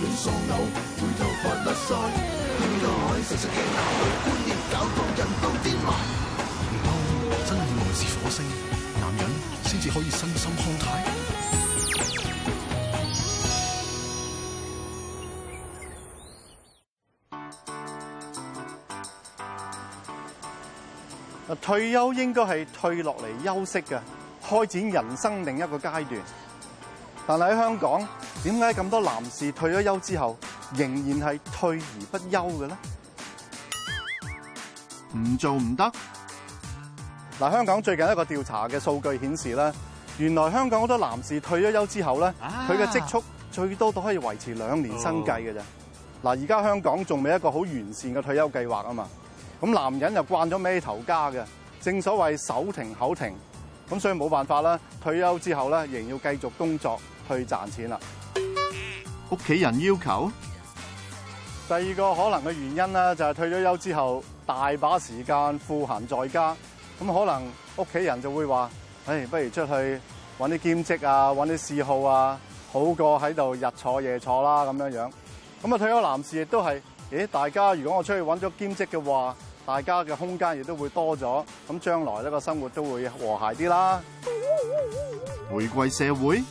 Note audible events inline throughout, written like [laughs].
老回頭發粒腮。原來真係要嚟自火星？男人先至可以身心康泰。退休應該係退落嚟休息㗎，開展人生另一個階段。但係喺香港。點解咁多男士退咗休之後仍然係退而不休嘅咧？唔做唔得嗱。香港最近一個調查嘅數據顯示咧，原來香港好多男士退咗休之後咧，佢嘅積蓄最多都可以維持兩年生計嘅啫。嗱，而家香港仲未一個好完善嘅退休計劃啊嘛。咁男人又慣咗孭頭家嘅，正所謂手停口停，咁所以冇辦法啦。退休之後咧，仍要繼續工作去賺錢啦。屋企人要求，第二個可能嘅原因咧，就係退咗休之後大把時間賦閒在家，咁可能屋企人就會話：誒、哎，不如出去搵啲兼職啊，搵啲嗜好啊，好過喺度日坐夜坐啦，咁樣樣。咁啊，退休男士亦都係，誒，大家如果我出去搵咗兼職嘅話，大家嘅空間亦都會多咗，咁將來呢個生活都會和諧啲啦。回歸社會。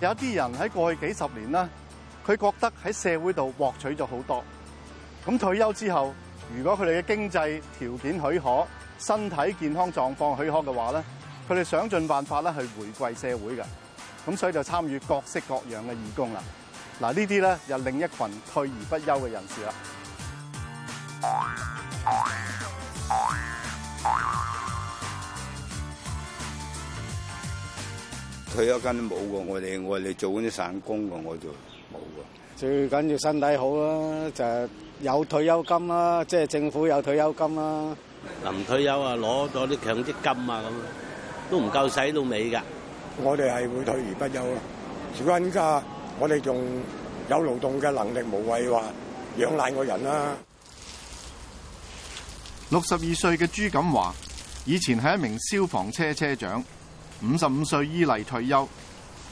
有啲人喺過去幾十年啦，佢覺得喺社會度獲取咗好多。咁退休之後，如果佢哋嘅經濟條件許可、身體健康狀況許可嘅話咧，佢哋想盡辦法咧去回饋社會嘅。咁所以就參與各式各樣嘅義工啦。嗱，呢啲咧又另一群退而不休嘅人士啦，啊。退休金冇噶，我哋我哋做嗰啲散工噶，我就冇噶。最緊要身體好啦，就係有退休金啦，即係政府有退休金啦。臨退休啊，攞咗啲強積金啊，咁都唔夠使到尾噶。我哋係會退而不休啦，事關依家我哋仲有勞動嘅能力，無謂話養懶個人啦。六十二歲嘅朱錦華以前係一名消防車車長。五十五歲以來退休，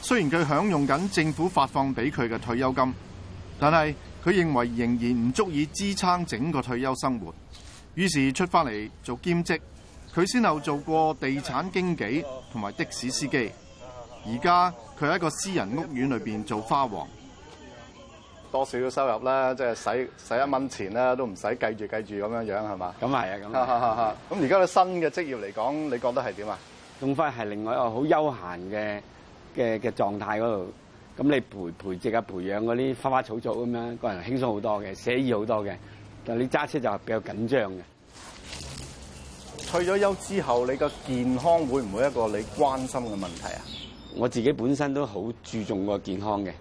雖然佢享用緊政府發放俾佢嘅退休金，但係佢認為仍然唔足以支撐整個退休生活，於是出翻嚟做兼職。佢先後做過地產經紀同埋的士司機，而家佢喺一個私人屋苑裏邊做花王，多少嘅收入啦，即係使使一蚊錢啦，都唔使計住計住咁樣樣係嘛？咁係啊，咁。咁而家啲新嘅職業嚟講，你覺得係點啊？仲翻係另外一個好休閒嘅嘅嘅狀態嗰度，咁你培培植啊、培養嗰啲花花草草咁樣，個人輕鬆好多嘅，寫意好多嘅。但係你揸車就比較緊張嘅。退咗休之後，你個健康會唔會一個你關心嘅問題啊？我自己本身都好注重個健康嘅，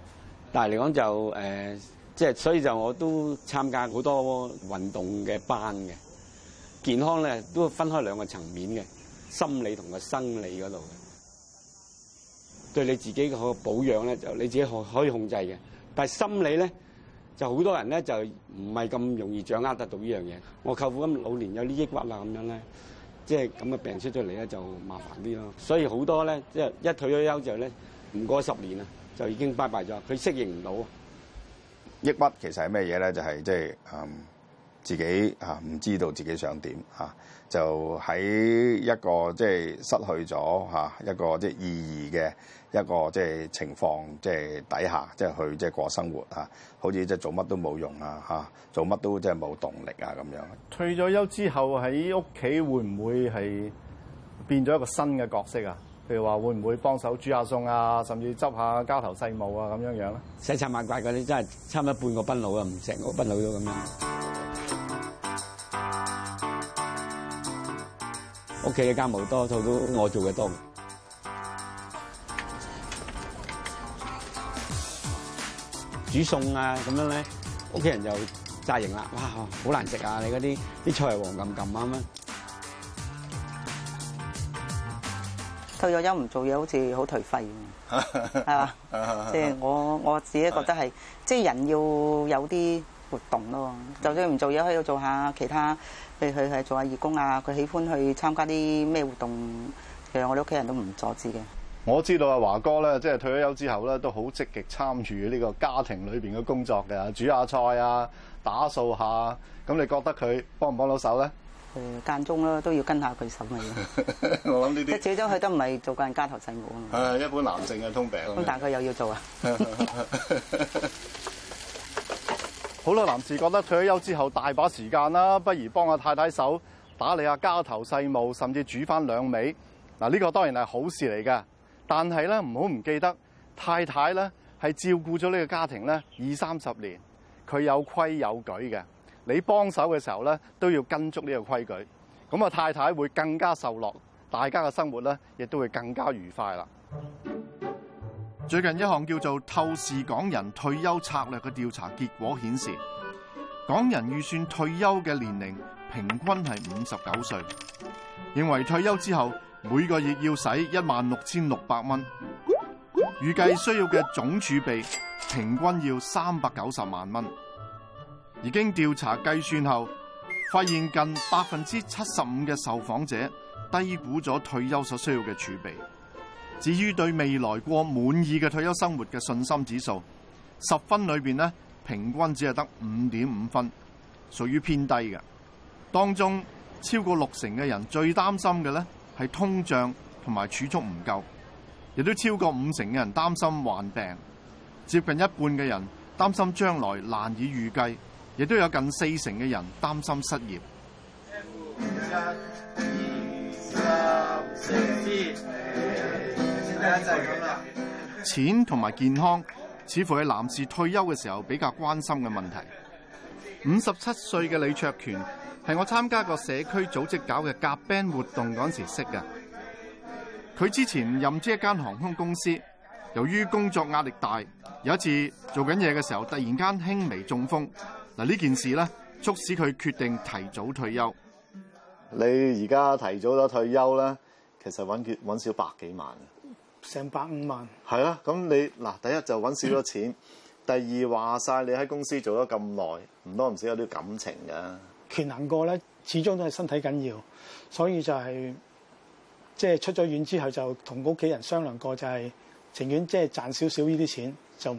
但係嚟講就呃、即係、所以就我都參加好多運動嘅班嘅。健康咧都分開兩個層面嘅。心理同個生理嗰度嘅，對你自己嘅保養咧，就你自己可可以控制嘅。但係心理咧，就好多人咧就唔係咁容易掌握得到呢樣嘢。我舅父咁老年有啲抑鬱啊咁樣咧，即係咁嘅病出咗嚟咧就麻煩啲咯。所以好多咧，即係一退咗休之後咧，唔過十年啊，就已經拜拜咗。佢適應唔到。抑鬱其實係咩嘢咧？就係即係嗯。自己嚇唔知道自己想點嚇，就喺一個即係失去咗嚇一個即係意義嘅一個即係情況，即係底下即係去即係過生活嚇，好似即係做乜都冇用啊嚇，做乜都即係冇動力啊咁樣。退咗休之後喺屋企會唔會係變咗一個新嘅角色啊？譬如話會唔會幫手煮下餸啊，甚至執下家頭細務啊，咁樣樣咧？細拆萬怪嗰啲真係差唔多半個賓佬啊，唔成個賓佬咗咁樣。屋企嘅家務多，都都我做嘅多。煮餸啊，咁樣咧，屋企人就扎型啦。哇，好難食啊！你嗰啲啲菜係黃冚冚啊嘛。退咗休唔做嘢，好似好頹廢咁啊！即係我我自己覺得係，即係人要有啲。活動咯，就算唔做嘢可以做下其他，譬如佢去係做下義工啊。佢喜歡去參加啲咩活動？其實我哋屋企人都唔阻止嘅。我知道啊，華哥咧，即係退咗休之後咧，都好積極參與呢個家庭裏邊嘅工作嘅，煮下菜啊，打掃下。咁你覺得佢幫唔幫到手咧？誒、嗯、間中啦，都要跟下佢手尾。 [laughs] 我諗呢啲始終佢都唔係做個人家頭細務 [laughs] 啊！誒，一般男性嘅通病。咁但係佢又要做啊？ [laughs] [laughs] 好多男士覺得退休之後大把時間啦，不如幫阿太太手打理下家頭細務，甚至煮翻兩味。嗱，呢個當然係好事嚟㗎，但係咧唔好唔記得太太咧係照顧咗呢個家庭咧二三十年，佢有規有矩嘅。你幫手嘅時候咧都要跟足呢個規矩，咁啊太太會更加受落，大家嘅生活咧亦都會更加愉快啦。最近一項叫做《透視港人退休策略》嘅調查結果顯示，港人預算退休嘅年齡平均係五十九歲，認為退休之後每個月要使一萬六千六百蚊，預計需要嘅總儲備平均要三百九十萬蚊。而經調查計算後，發現近百分之七十五嘅受訪者低估咗退休所需要嘅儲備。至於對未來過滿意嘅退休生活嘅信心指數，十分裏面呢，平均只係得五點五分，屬於偏低嘅。當中超過六成嘅人最擔心嘅呢係通脹同埋儲蓄唔夠，亦都超過五成嘅人擔心患病，接近一半嘅人擔心將來難以預計，亦都有近四成嘅人擔心失業。1, 2, 3, 4, 4, 4. 錢同埋健康似乎係男士退休嘅時候比較關心嘅問題。五十七歲嘅李卓權係我參加個社區組織搞嘅夾 band 活動嗰陣時識嘅。佢之前任職一間航空公司，由於工作壓力大，有一次做緊嘢嘅時候，突然間輕微中風。嗱呢件事呢促使佢決定提早退休。你而家提早咗退休咧，其實搵少百幾萬。成百五萬係啊。咁你嗱，第一就揾少咗錢，嗯，第二話晒你喺公司做咗咁耐，唔多唔少有啲感情嘅。權衡過咧，始終都係身體緊要，所以就係即係出咗院之後，就同屋企人商量過，就係、是、情願即係賺少少呢啲錢，就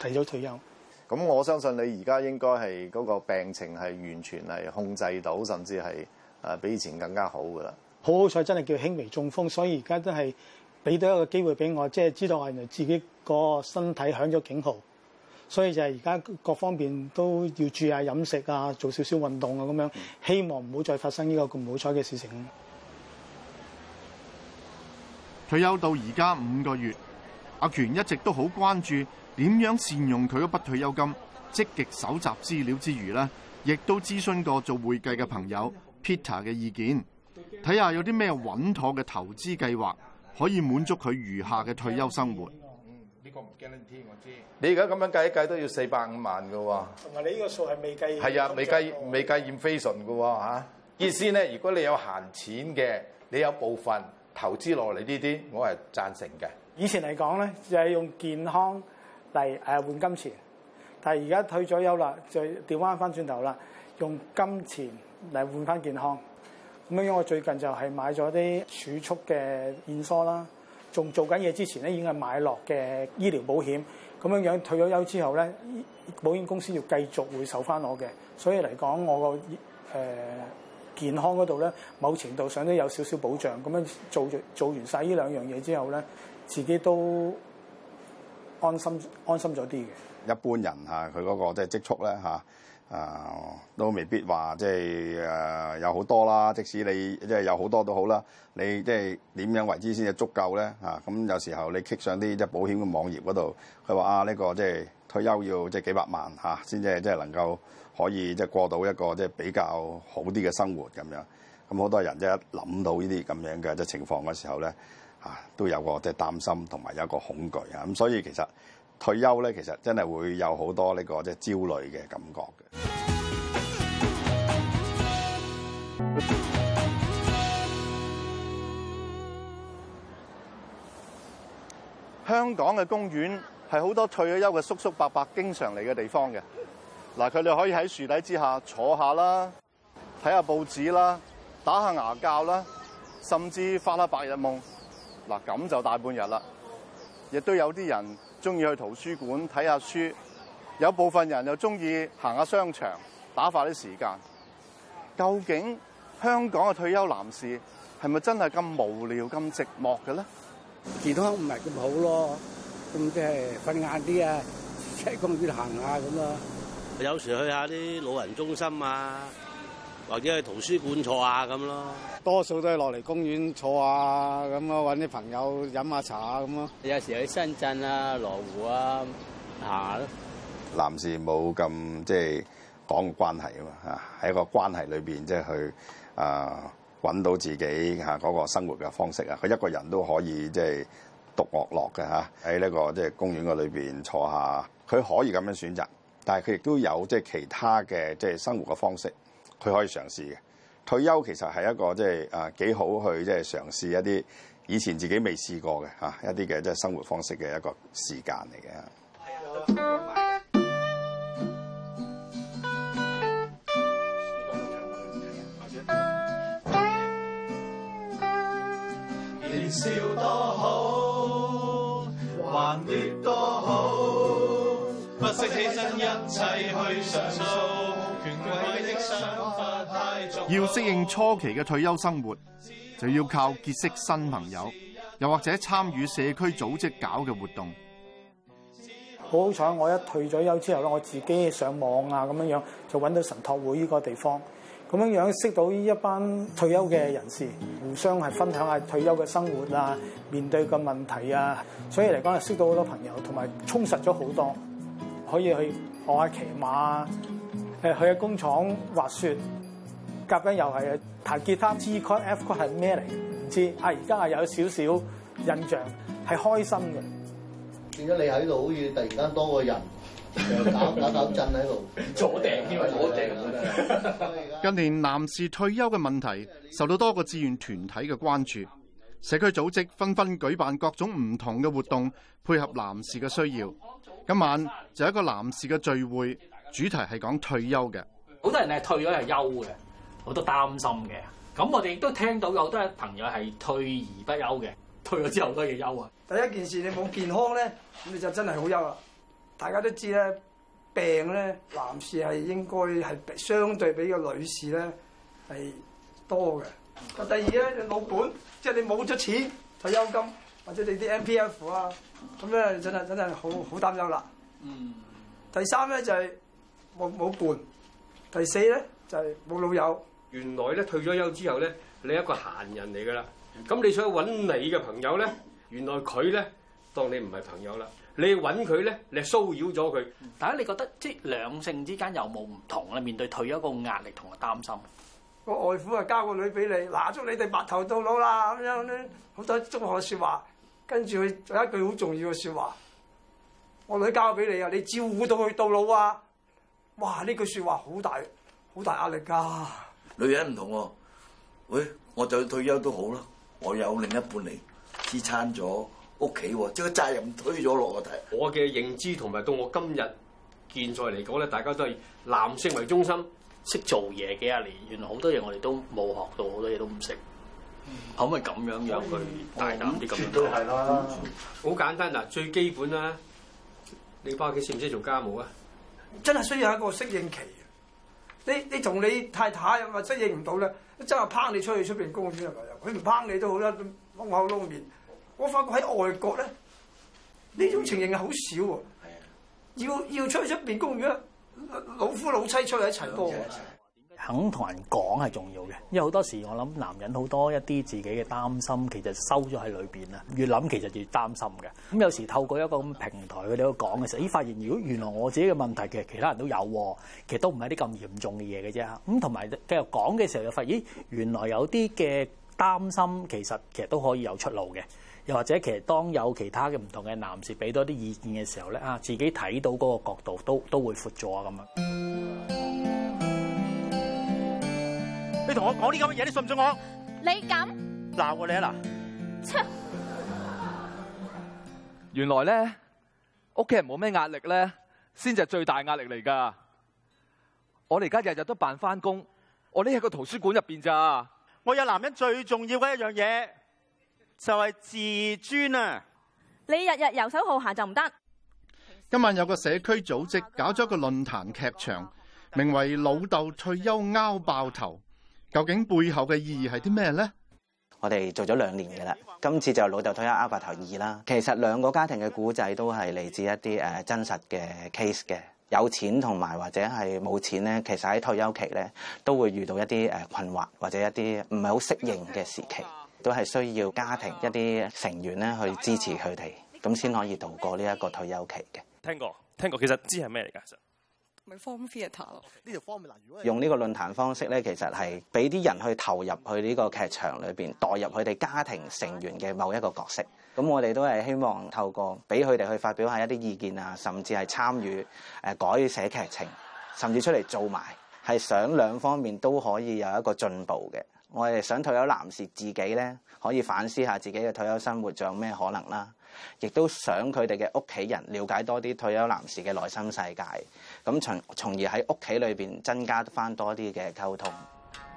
提早退休。咁我相信你而家應該係嗰個病情係完全係控制到，甚至係誒比以前更加好噶啦。好好彩真係叫輕微中風，所以而家都係。俾到一個機會俾我，即係知道我原來自己個身體響咗警號，所以就係而家各方面都要注意下飲食啊，做少少運動啊，咁樣希望唔好再發生呢個咁唔好彩嘅事情。退休到而家五個月，阿權一直都好關注點樣善用佢嘅筆退休金，積極搜集資料之餘呢亦都諮詢過做會計嘅朋友 Peter 嘅意見，睇下有啲咩穩妥嘅投資計劃。可以滿足佢餘下嘅退休生活。呢個唔驚呢我知。你而家咁樣計一計都要四百五萬嘅喎。同埋你呢個數係未計,計。係啊，未計未計 inflation 嘅喎嚇。意思咧，如果你有閒錢嘅，你有部分投資落嚟呢啲，我係贊成嘅。以前嚟講咧，就係、是、用健康嚟誒換金錢，但係而家退咗休啦，就調翻翻轉頭啦，用金錢嚟換翻健康。咁樣樣我最近就係買咗啲儲蓄嘅現鈔啦，仲做緊嘢之前咧已經係買落嘅醫療保險，咁樣樣退咗休之後咧，保險公司要繼續會受翻我嘅，所以嚟講我個誒、呃、健康嗰度咧，某程度上都有少少保障，咁樣做做完晒呢兩樣嘢之後咧，自己都安心安心咗啲嘅。一般人佢嗰個即係積蓄咧啊，都未必話即係誒、呃、有好多啦。即使你即係有好多都好啦，你即係點樣為之先至足夠咧？嚇、啊，咁有時候你 click 上啲即係保險嘅網頁嗰度，佢話啊呢、呢個即係退休要即係幾百萬嚇，先、啊、即係即係能夠可以即係過到一個即係比較好啲嘅生活咁樣。咁好多人即係一諗到呢啲咁樣嘅即係情況嘅時候咧，嚇、啊、都有個即係擔心同埋有一個恐懼啊。咁所以其實～退休咧，其實真係會有好多呢個即係焦慮嘅感覺嘅。香港嘅公園係好多退咗休嘅叔叔伯伯經常嚟嘅地方嘅。嗱，佢哋可以喺樹底之下坐下啦，睇下報紙啦，打下牙骹啦，甚至發下白日夢。嗱，咁就大半日啦。亦都有啲人，中意去圖書館睇下書，有部分人又中意行下商場打發啲時間。究竟香港嘅退休男士係咪真係咁無聊咁寂寞嘅咧？健康唔係咁好咯，咁即係瞓晏啲啊，喺公園行下咁咯。有時去下啲老人中心啊。或者去圖書館坐下咁咯，多數都係落嚟公園坐下咁咯，揾啲朋友飲下茶啊咁咯。有時喺深圳啊、羅湖啊行咯。男士冇咁即係講個關係裡面、就是、啊嘛，喺個關係裏邊即係去啊揾到自己嚇嗰個生活嘅方式啊。佢一個人都可以即係獨樂樂嘅嚇，喺呢、這個即係、就是、公園嘅裏邊坐下，佢可以咁樣選擇，但係佢亦都有即係、就是、其他嘅即係生活嘅方式。佢可以嘗試嘅退休其實係一個即係啊幾好去即係嘗試一啲以前自己未試過嘅嚇，一啲嘅即係生活方式嘅一個時間嚟嘅。係啊。年少多好，還孽多好，不惜犧牲一切去上訴。要適應初期嘅退休生活，就要靠結識新朋友，又或者參與社區組織搞嘅活動。好彩我一退咗休之後咧，我自己上網啊咁樣樣，就揾到神託會呢個地方，咁樣樣識到呢一班退休嘅人士，互相係分享下退休嘅生活啊，面對嘅問題啊。所以嚟講係識到好多朋友，同埋充實咗好多，可以去學下騎馬啊誒，佢嘅工廠滑雪，夾緊又係彈吉他。G chord、F chord 係咩嚟？唔知。啊，而家係有少少印象，係開心嘅。見咗你喺度，好似突然間多個人，又 [laughs] 打震喺度。阻掟添，阻掟。 [laughs] 近年男士退休嘅問題受到多個志願團體嘅關注，社區組織紛紛舉辦各種唔同嘅活動，配合男士嘅需要。今晚就有一個男士嘅聚會。主題係講退休嘅，好多人咧退咗係休嘅，好多擔心嘅。咁我哋亦都聽到有好多朋友係退而不休嘅，退咗之後好多嘢休啊！第一件事你冇健康咧，咁你就真係好憂啦。大家都知咧，病咧男士係應該係相對比個女士咧係多嘅。第二咧，你老本，即係你冇咗錢退休金或者你啲 M P F 啊，咁咧真係真係好好擔憂啦。嗯，第三咧就係。冇冇伴，第四咧就係冇老友。原來咧退咗休之後咧，你係一個閒人嚟㗎啦。咁你想去揾你嘅朋友咧，原來佢咧當你唔係朋友啦。你揾佢咧，你騷擾咗佢、嗯。但係你覺得即係兩性之間有冇唔同咧？面對退休個壓力同埋擔心。個外父啊，交個女俾你，嗱，祝你哋白頭到老啦咁樣咧，好多祝賀説話。跟住佢仲有一句好重要嘅説話：我女交俾你啊，你照顧到佢到老啊。哇！呢句説話好大，好大壓力噶、啊。女人唔同喎、啊，喂、哎，我就退休都好啦，我有另一半嚟支撐咗屋企喎，將責任推咗落我哋。我嘅認知同埋到我今日現在嚟講咧，大家都係男性為中心，識做嘢幾廿年，原來好多嘢我哋都冇學到，好多嘢都唔識、嗯。可唔可以咁樣樣去大膽啲咁樣睇？係啦。好、啊、簡單嗱、啊，最基本啦、啊，你爸幾識唔識做家務啊？真係需要一個適應期、啊你，你你同你太太又唔適應唔到咧，真係拚你出去出邊公園又佢唔拚你好、啊、都好啦，擝口擝面。我發覺喺外國咧，呢種情形係好少喎、啊。要要出去出邊公園咧、啊，老夫老妻出去一齊㗎。肯同人講係重要嘅，因為好多時我諗男人好多一啲自己嘅擔心，其實收咗喺裏邊啦。越諗其實越擔心嘅。咁、嗯、有時透過一個咁平台，佢哋去講嘅時候，咦、哎、發現如果原來我自己嘅問題其實其他人都有，其實都唔係啲咁嚴重嘅嘢嘅啫。咁同埋繼續講嘅時候又發現，咦，原來有啲嘅擔心其實其實都可以有出路嘅。又或者其實當有其他嘅唔同嘅男士俾多啲意見嘅時候咧，啊自己睇到嗰個角度都都會闊咗啊咁樣。同我講啲咁嘅嘢，你信唔信我？你敢鬧我你啊嗱？原來咧，屋企人冇咩壓力咧，先至係最大壓力嚟噶。我哋而家日日都扮翻工，我呢喺個圖書館入邊咋。我有男人最重要嘅一樣嘢就係自尊啊。你日日遊手好閒就唔得。今晚有個社區組織搞咗個論壇劇場，名為《老豆退休拗爆頭》。究竟背後嘅意義係啲咩咧？我哋做咗兩年嘅啦，今次就老豆退休阿伯頭二啦。其實兩個家庭嘅古仔都係嚟自一啲誒真實嘅 case 嘅。有錢同埋或者係冇錢咧，其實喺退休期咧都會遇到一啲誒困惑或者一啲唔係好適應嘅時期，都係需要家庭一啲成員咧去支持佢哋，咁先可以度過呢一個退休期嘅。聽過聽過，其實知係咩嚟㗎？用呢個論壇方式呢，其實係俾啲人去投入去呢個劇場裏面，代入佢哋家庭成員嘅某一個角色。咁我哋都係希望透過俾佢哋去發表下一啲意見啊，甚至係參與誒改寫劇情，甚至出嚟做埋，係想兩方面都可以有一個進步嘅。我哋想退休男士自己呢，可以反思下自己嘅退休生活，仲有咩可能啦？亦都想佢哋嘅屋企人了解多啲退休男士嘅內心世界。咁從從而喺屋企裏面增加翻多啲嘅溝通。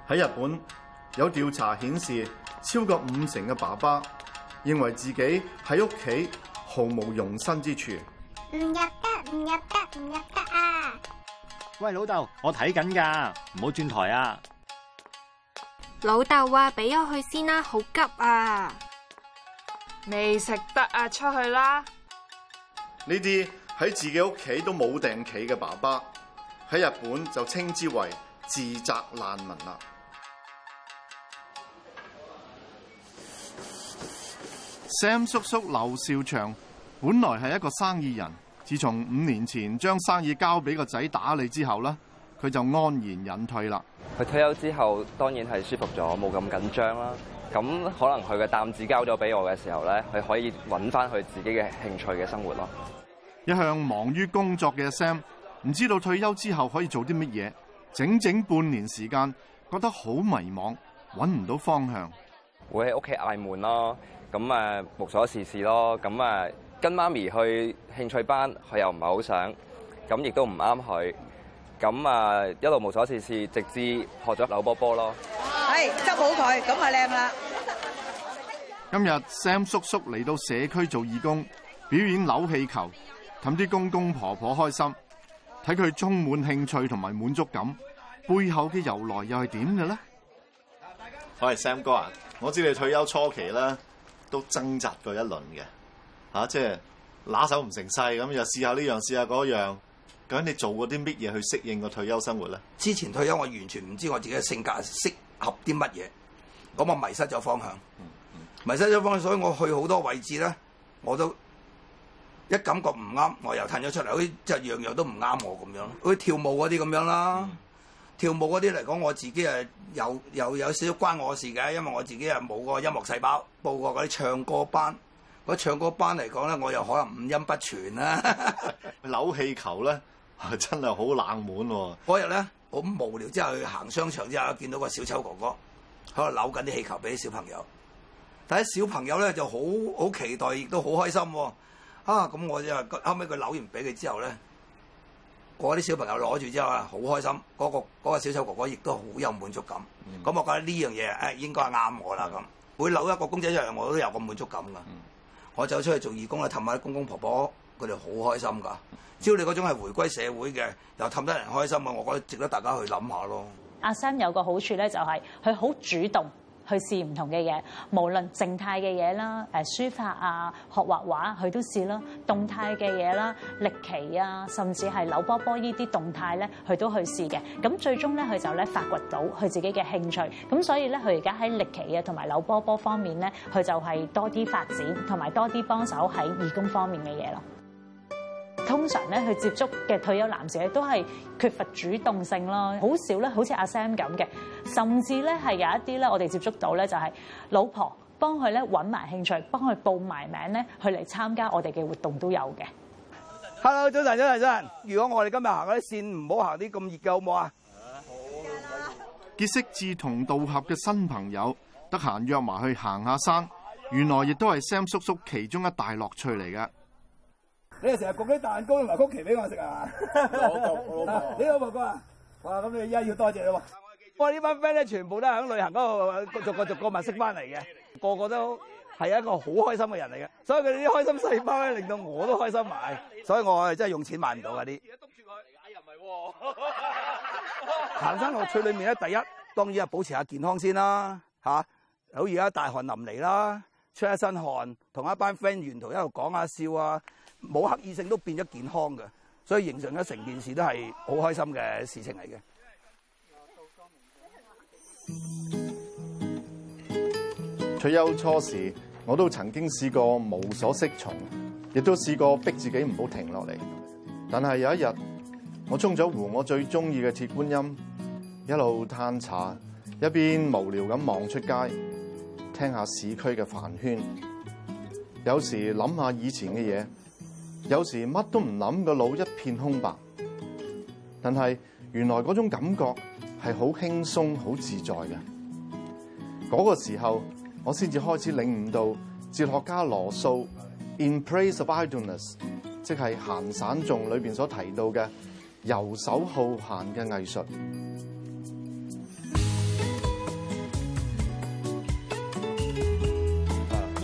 喺日本有調查顯示，超過五成嘅爸爸認為自己喺屋企毫無容身之處。唔入得，唔入得，唔入得啊！喂，老豆，我睇緊㗎，唔好轉台啊！老豆話俾咗去先啦，啊，好急啊！未食得啊，出去啦！呢啲。喺自己屋企都冇埞企嘅爸爸，喺日本就稱之為自宅難民啦。Sam 叔叔劉少祥本來係一個生意人，自從五年前將生意交俾個仔打理之後咧，佢就安然隱退啦。佢退休之後當然係舒服咗，冇咁緊張啦。咁可能佢嘅擔子交咗俾我嘅時候咧，佢可以揾翻佢自己嘅興趣嘅生活咯。一向忙於工作嘅 Sam 唔知道退休之後可以做啲乜嘢，整整半年時間，覺得好迷茫，揾唔到方向。會喺屋企捱悶咯，咁啊無所事事咯，咁啊跟媽咪去興趣班，佢又唔係好想，咁亦都唔啱佢，咁啊一路無所事事，直至學咗扭波波咯。係執好佢，咁就靚啦。今日 Sam 叔叔嚟到社區做義工，表演扭氣球。氹啲公公婆婆開心，睇佢充滿興趣同埋滿足感，背後嘅由來又係點嘅咧？我係 Sam 哥啊，我知你退休初期啦，都掙扎過一輪嘅，嚇、啊，即係拿手唔成勢，咁又試下呢樣試下嗰樣，咁你做過啲乜嘢去適應個退休生活咧？之前退休我完全唔知我自己嘅性格適合啲乜嘢，咁我迷失咗方向，迷失咗方向，所以我去好多位置咧，我都。一感覺唔啱，我又褪咗出嚟，好似就樣樣都唔啱我咁樣。好似跳舞嗰啲咁樣啦，跳舞嗰啲嚟講，我自己誒有有有少少關我的事嘅，因為我自己誒冇個音樂細胞。報過嗰啲唱歌班，唱歌班嚟講咧，我又可能五音不全啦。 [laughs] 扭氣球咧，真係好冷門喎、啊。嗰日咧，好無聊之後去行商場之後，見到個小丑哥哥喺度扭緊啲氣球俾啲小朋友，但係小朋友咧就好好期待，亦都好開心喎、啊。啊，咁我就後尾佢扭完俾佢之後咧，嗰啲小朋友攞住之後啊，好開心。嗰、那個嗰、那個、小丑哥哥亦都好有滿足感。咁我覺得呢樣嘢應應該啱我啦。咁每扭一個公仔一樣我都有個滿足感㗎。我走出去做義工啊，氹下公公婆婆，佢哋好開心㗎。只要你嗰種係回歸社會嘅，又氹得人開心啊，我覺得值得大家去諗下咯。阿 s 有個好處咧，就係佢好主動。去試唔同嘅嘢，無論，靜態嘅嘢啦，書法呀，學畫畫，佢都試啦，動態嘅嘢啦，歷奇呀，甚至係扭波波呢啲動態呢，佢都去試嘅，咁最終呢，佢就呢，發掘到佢自己嘅興趣，咁所以呢，佢而家喺歷奇呀，同埋扭波波方面呢，佢就係多啲發展，同埋多啲幫手喺義工方面嘅嘢囉。通常咧，去接觸嘅退休男士咧，都係缺乏主動性咯，好少咧，好似阿 Sam 咁嘅，甚至咧係有一啲咧，我哋接觸到咧就係老婆幫佢咧搵埋興趣，幫佢報埋名咧，去嚟參加我哋嘅活動都有嘅。Hello，早晨，早晨，早晨！如果我哋今日行嗰啲線，唔好行啲咁熱嘅好唔好啊？好啦！結識志同道合嘅新朋友，得閒約埋去行下山，原來亦都係 Sam 叔叔其中一大樂趣嚟嘅。你哋成日焗啲蛋糕同埋曲奇俾我食啊！ [laughs] 你好，伯哥啊！哇，咁你依家要多謝咯喎！我哇班呢班 friend 咧，全部都喺旅行嗰度，逐個逐個物色翻嚟嘅，個個都係一個好開心嘅人嚟嘅，所以佢哋啲開心細胞咧，令到我都開心埋，所以我係真係用錢買唔到嗰啲。而家督住佢，哎呀唔係喎！行山樂趣裏面咧，第一當然係保持下健康先啦，嚇！好似而家大汗淋漓啦。出一身汗，同一班 friend 沿途一路講下笑啊，冇刻意性都變咗健康嘅，所以形成咗成件事都係好開心嘅事情嚟嘅。退休初時，我都曾經試過無所適從，亦都試過逼自己唔好停落嚟。但係有一日，我沖咗壺我最中意嘅鐵觀音，一路嘆茶，一邊無聊咁望出街。聽下市區嘅飯圈，有時諗下以前嘅嘢，有時乜都唔諗，個腦一片空白。但係原來嗰種感覺係好輕鬆、好自在嘅。嗰、那個時候，我先至開始領悟到哲學家羅素《In Praise of Idleness》，即係閒散眾裏面所提到嘅遊手好閒嘅藝術。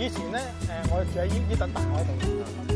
以前咧，誒，我哋住喺呢呢棟大海度。